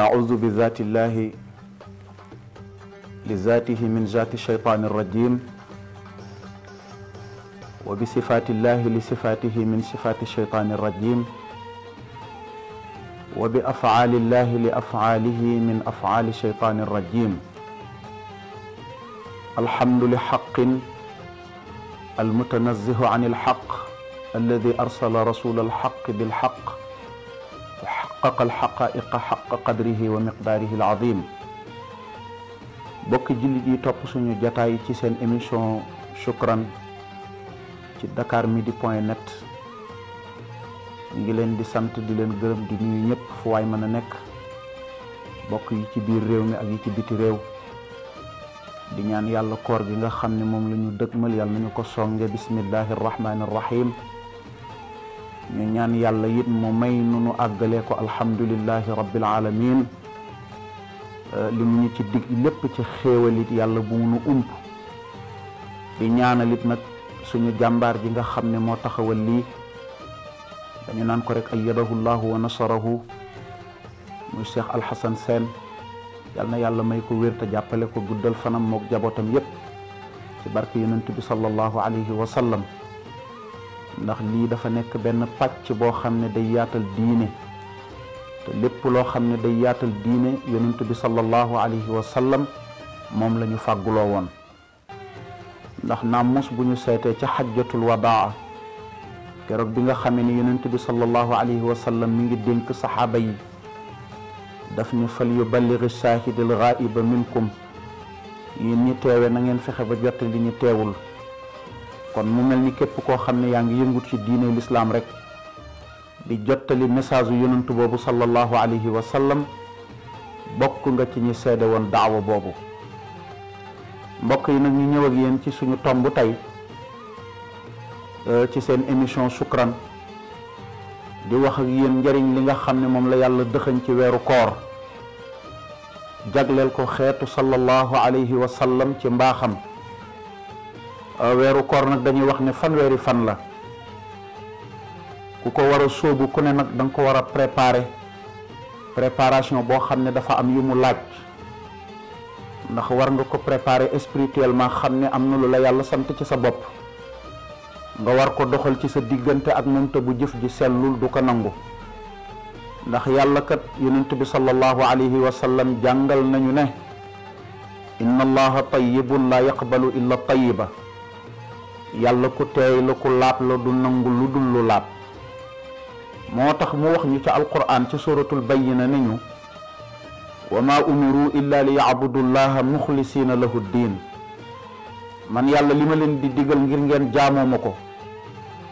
نعوذ بذات الله لذاته من ذات الشيطان الرجيم وبصفات الله لصفاته من صفات الشيطان الرجيم وبأفعال الله لأفعاله من أفعال الشيطان الرجيم الحمد لحق المتنزه عن الحق الذي أرسل رسول الحق بالحق xaqa alxaqaa'iqa xaqa qadrihi wa miqdaarihi alazim bokki jullit yi topp suñu jataay ci seen émission shukran ci dakar midi point net ngi leen di sant di leen gërëm di nuyu ñëpp fu waay mën a nekk bokk ci biir réew mi ak yi ci biti réew di ñaan yàlla koor gi nga xam ne moom la ñu dëgmal yàlla nañu ko songe bismillahi arrahmani arrahim ñu ñaan yàlla yit moo may nu nu àggale ko alhamdulillahi rabbil alamin euh, li mu ñu ci dig lépp ci xéewal yàlla bu mu nu ump di ñaanal it nag suñu jàmbaar ji nga xam ne moo taxawal lii dañu naan ko rek ayyadahu llahu wa nasarahu muy cheikh alxasan seen na yàlla may ko wér te jàppale ko guddal fanam mook jabootam yépp ci barke yonent bi sallallahu alayhi wa sallam ndax lii dafa nekk benn pàcc boo xam ne day yaatal diine te lépp loo xam ne day yaatal diine yonent bi sallallahu alayhi wa sallam moom lañu fàgguloo woon ndax naamus bu ñu seetee ca xajjatul wadaa keroog bi nga xamee ne yonent bi sallallahu alayhi wa sallam mi ngi dénk saxaaba yi daf ñu fal yuballighi shaahidil ghaaiba minkum yéen ñu teewe na ngeen fexe ba jot li ñu teewul kon mu mel ni képp koo xam ne yaa ngi yëngut ci diine lislaam rek di jottali message yu yonantu boobu sallallahu alayhi wa sallam bokk nga ci ñi seede woon daawa boobu mbokk yi nag ñu ñëw ak yéen ci suñu tomb tey euh, ci seen émission Shukran di wax ak yéen njëriñ li nga xam ne moom la yàlla dëxañ ci weeru koor jagleel ko xeetu sallallahu alayhi wa sallam ci mbaaxam Euh, weeru koor nag dañuy wax ne fanweeri fan la ku ko war a sóobu ku ne nag danga ko war a préparer préparation boo xam ne dafa am yu mu laaj ndax war nga ko préparer spirituellement xam ne am na lu la yàlla sant ci sa bopp nga war ko doxal ci sa diggante ak moom bu jëf ji sellul du ko nangu ndax yàlla kat yonent bi sallallahu alayhi wa sallam jàngal nañu ne inna allaha tayyibun la yaqbalu illa tayyiba yàlla ku teey la ku laab la du nangu lu dul lu laab moo tax mu wax ñu ca alquran ci suratul bayina ni ñu wa maa umiru illa li yacbudu llaha muxlisiina lahu diin man yàlla li ma leen di digal ngir ngeen jaamoo ma ko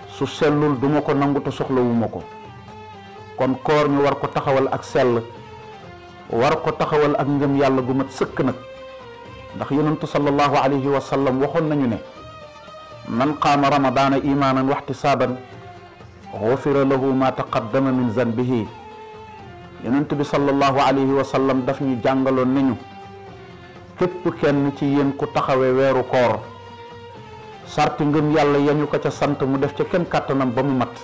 su sellul duma ko nangu te soxlawuma ko kon koor ñu war ko taxawal ak sell war ko taxawal ak ngëm yàlla gu mat sëkk nag ndax yeneen yonentu sallallahu alayhi wa sallam waxoon nañu ne nan qaama ramadaana imaanan waxtisaaban xufira lahu ma taqaddama min zanbihi yonent bi sallallahu alayhi wa sallam daf ñu jàngaloon nañu képp kenn ci yéen ku taxawe weeru koor sarti ngëm yàlla yañu ko ca sant mu def ca kenn kàttanam ba mu mat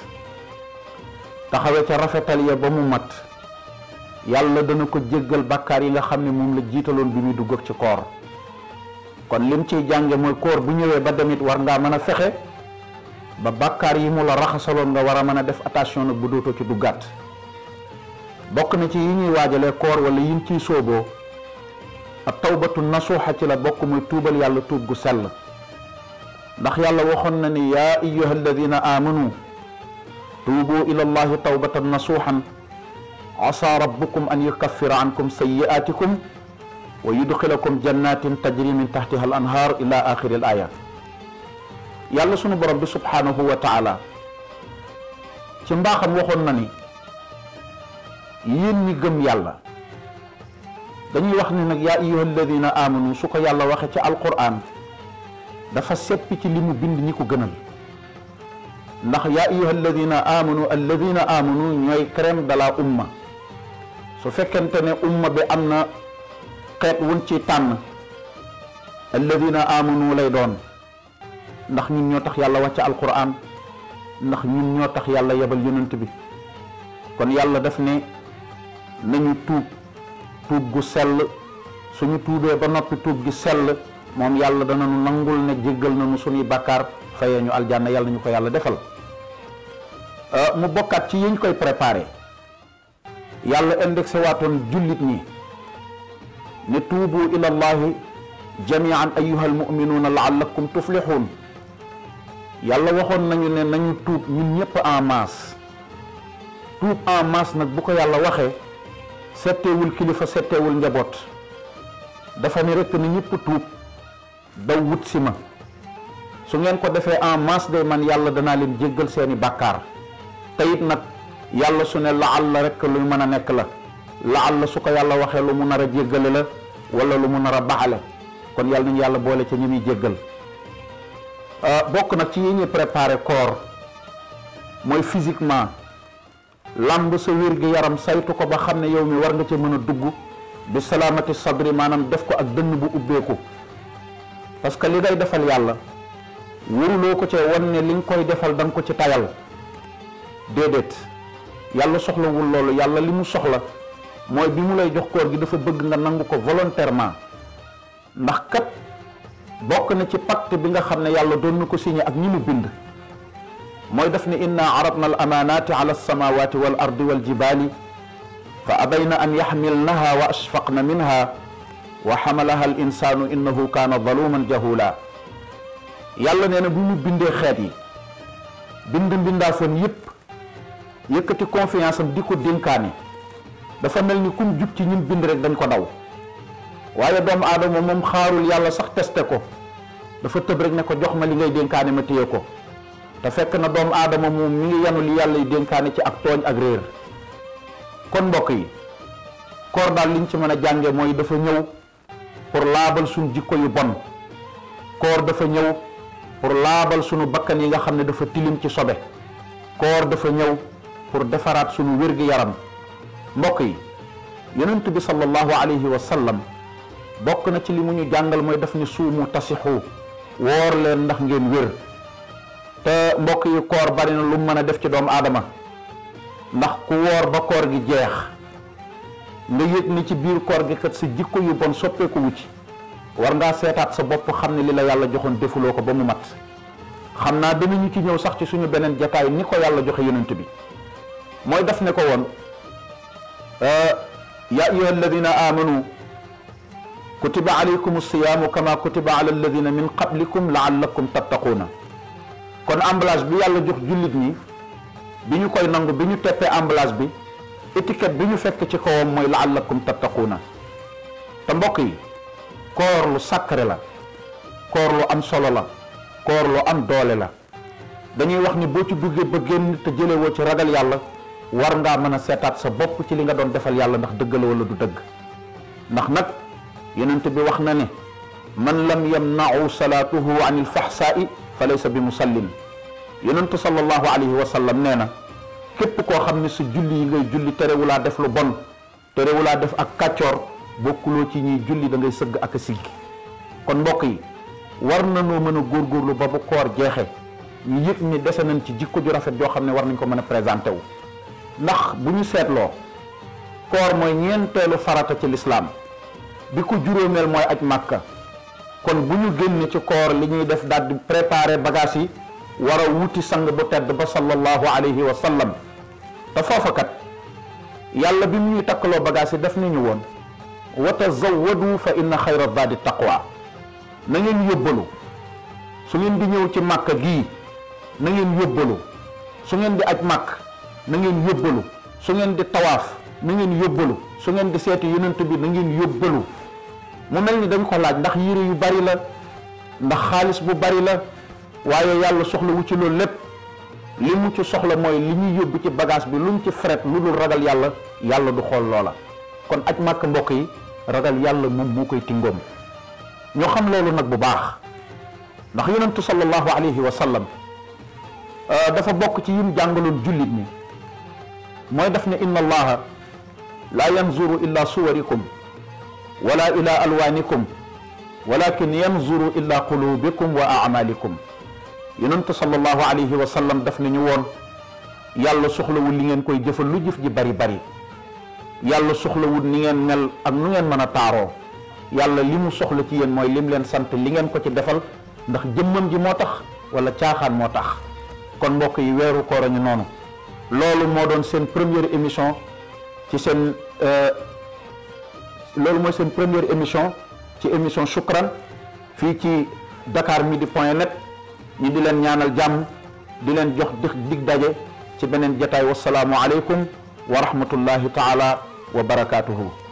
taxawe ca rafetal ya ba mu mat yàlla dana ko jéggal bàkkaar yi nga xam ne moom la jiitaloon bi muy dugg ci koor kon lim ciy jànge mooy koor bu ñëwee ba demit war ngaa mën a fexe ba bàkkaar yi mu la raxasaloon nga war a mën a def attention nag bu dootoo ci duggaat bokk na ci yi ñuy waajalee koor wala yin ciy sooboo ak tawbatu nasuuxa ci la bokk muy tuubal yàlla tuub gu sell ndax yàlla waxoon na ni yaa ayyuha alladina aamanu tuubu ila allahi tawbatan nasuuxan asa rabbukum an yukaffira ankum sayi'aatikum wa yudxilakum jannatin tajri min tahtiha al anhar ila axiri al ayat yàlla sunu borom bi subhanahu wa taala ci mbaaxam waxoon na ni yéen ñi gëm yàlla dañuy wax ni nag yaa ayyuha alladina amanu su ko yàlla waxe ci alquran dafa seppi ci li mu bind ñi ko gënal ndax yaa ayyuha alladina amanu alladina amanu ñooy crème de la umma su fekkente ne umma bi am na xeet wun ci tànn alladina amanu lay doon ndax ñun ñoo tax yàlla wàcc alquran ndax ñun ñoo tax yàlla yebal yonent bi kon yàlla def ne nañu tuub tuub gu sell suñu tuubee ba noppi tuub gi sell moom yàlla dana nu nangul ne jéggal nañu suñuy bàkkaar fayee ñu aljanna yàlla ñu ko yàlla defal euh, mu bokkaat ci yiñ koy préparé yàlla indexé waatoon jullit nii ne tuubu ila llahi jamian la almuminuuna laallakum tuflixuun yàlla waxoon nañu ne nañu tuub ñun ñëpp en masse tuub en masse nag bu ko yàlla waxee setteewul kilifa setteewul njaboot dafa ne rekk ne ñëpp tuub daw wut si ma su ngeen ko defee en masse day man yàlla danaa leen jéggal seeni bàkkaar te it nag yàlla su ne laal la rekk luy mën a nekk la laal la su ko yàlla waxee lu mu nar a jéggale la wala lu mu nar a baxale kon yàlla nañu yàlla boole ca ñu muy jéggal euh, bokk nag ci yi ñuy préparé corps mooy physiquement làmb sa wér gi yaram saytu ko ba xam ne yow mi war nga ca mën a dugg bi salaamati sadri maanaam def ko ak dënn bu ubbeeku parce que li ngay defal yàlla waruloo ko ca wan ne li nga koy defal da ko ci tayal déedéet yàlla soxlawul loolu yàlla li mu soxla mooy bi mu lay jox koor gi dafa bëgg nga nangu ko volontairement ndax kat bokk na ci pacte bi nga xam ne yàlla doon na ko signé ak ñi mu bind mooy def ni inna aradna al amanati ala alsamawati wal ardi wal jibali fa abayna an yaxmilnaha wa ashfaqna minha wa xamalaha al insanu innahu kaana zaluman jahula yàlla nee na bu mu bindee xeet yi bind mbindaa foon yëpp yëkkati confiance am di ko dénkaani dafa mel ni kum jub ci ñun bind rek dañ ko daw waaye doomu aadama moom xaarul yàlla sax testé ko dafa tëb rek ne ko jox ma li ngay dénkaane ma téye ko te fekk na doomu aadama moom mi ngi yanu li yàlla yi ci ak tooñ ak réer kon mbokk yi koor daal liñ ci mën a jànge mooy dafa ñëw pour laabal suñu jikko yu bon koor dafa ñëw pour laabal suñu bakkan yi nga xam ne dafa tilim ci sobe koor dafa ñëw pour defaraat suñu wér gu yaram mbokk yi yonent bi sallallahu alayhi wa sallam bokk na ci li mu ñu jàngal mooy daf ni suumu tasixu woor leen ndax ngeen wér te mbokk yi koor bari na lu mën a def ci doomu aadama ndax ku woor ba koor gi jeex nga yëg ni ci biir koor gi kat sa jikko yu bon soppeeku wu ci war ngaa seetaat sa bopp xam ne li la yàlla joxoon defuloo ko ba mu mat xam naa dinañu ci ñëw sax ci suñu beneen jataay ni ko yàlla joxe yonent bi mooy daf ne ko woon يا أيها الذين آمنوا كتب عليكم الصيام كما كتب على الذين من قبلكم لعلكم تتقون kon emballage bi yàlla jox jullit ñi bi ñu koy nangu bi ñu teppee emballage bi étiquette bi ñu fekk ci kawam mooy laallakum tattaquuna te mbokk yi koor lu sacré la koor lu am solo la koor lu am doole la dañuy wax ni boo ci duggee ba génn te jëlewoo ci ragal yàlla war ngaa mën a seetaat sa bopp ci li nga doon defal yàlla ndax dëgg la wala du dëgg ndax nag yenent bi wax na ne man lam yamnau salaatuhu an ilfaxsaai fa laysa bi musallin yonent sallallahu alayhi wa sallam nee na képp koo xam ne sa julli yi ngay julli laa def lu bon laa def ak kàccoor bokkuloo ci ñuy julli da sëgg ak a siggi kon mbokk yi war nañoo mën a lu ba bu koor jeexe ñu yëg ni dese nañ ci jikko ju rafet joo xam ne war nañ ko mën a présenté wu ndax bu ñu seetloo koor mooy ñeenteelu farata ci lislaam bi ko juróomeel mooy aj màkka kon bu ñu génn ci koor li ñuy def daal di préparer yi wara a wuti sang bu tedd ba sallallahu alayhi wa te foofa yàlla bi mu ñuy takkaloo bagage yi def nañu woon wa tazawwadu fa inna xayra zaadi taqwa na ngeen yóbbalu su ngeen di ñëw ci màkk gii na ngeen yóbbalu su ngeen di aj màkk na ngeen yóbbalu su ngeen di tawaaf na ngeen yóbbalu su ngeen di seeti yonent bi na ngeen yóbbalu mu mel ni dañ ko laaj ndax yére yu bari la ndax xaalis bu bari la waaye yàlla soxla wu ci loolu lépp li mu ci soxla mooy li ñuy yóbbu ci bagage bi lu mu ci fret lu dul ragal yàlla yàlla du xool loola kon aj màkk mbokk yi ragal yàlla moom moo koy tingoom ñoo xam loolu nag bu baax ndax yonentu sallallahu alayhi wa sallam euh, dafa bokk ci yim jàngaloon jullit ñi mooy daf ne inna allaha laa yanzuru illa suwarikum wala ila alwaanikum walakin yanzuru illa qulubikum wa amalikum yonent sallallahu alayhi wa sallam daf ne ñu woon yàlla soxlawul li ngeen koy jëfal lu jëf ji bari bari yàlla soxlawul ni ngeen mel ak nu ngeen mën a taaroo yàlla li mu soxla ci yéen mooy lim leen sant li ngeen ko ci defal ndax jëmmam ji moo tax wala caaxaan moo tax kon mbokk yi weeru koor a ñu noonu loolu moo doon seen première émission ci seen euh, loolu mooy seen première émission ci émission Shukran fii ci Dakar midi point net ñu di leen ñaanal jàmm di leen jox dig daje ci beneen jataay wasalaamu aleykum wa rahmatullahi taala wa barakaatuhu